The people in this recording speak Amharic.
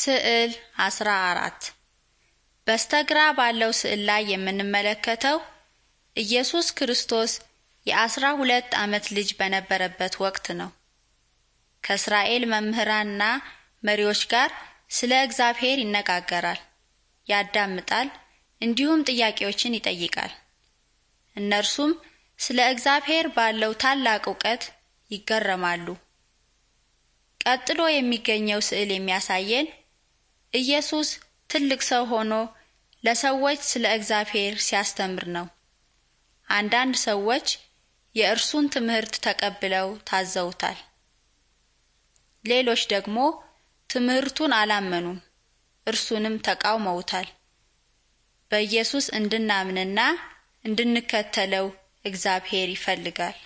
ስዕል 14 በስተግራ ባለው ስዕል ላይ የምንመለከተው ኢየሱስ ክርስቶስ የአስራ ሁለት ዓመት ልጅ በነበረበት ወቅት ነው። ከእስራኤል መምህራንና መሪዎች ጋር ስለ እግዚአብሔር ይነጋገራል፣ ያዳምጣል፣ እንዲሁም ጥያቄዎችን ይጠይቃል። እነርሱም ስለ እግዚአብሔር ባለው ታላቅ እውቀት ይገረማሉ። ቀጥሎ የሚገኘው ስዕል የሚያሳየን ኢየሱስ ትልቅ ሰው ሆኖ ለሰዎች ስለ እግዚአብሔር ሲያስተምር ነው። አንዳንድ ሰዎች የእርሱን ትምህርት ተቀብለው ታዘውታል። ሌሎች ደግሞ ትምህርቱን አላመኑም፣ እርሱንም ተቃውመውታል። በኢየሱስ እንድናምንና እንድንከተለው እግዚአብሔር ይፈልጋል።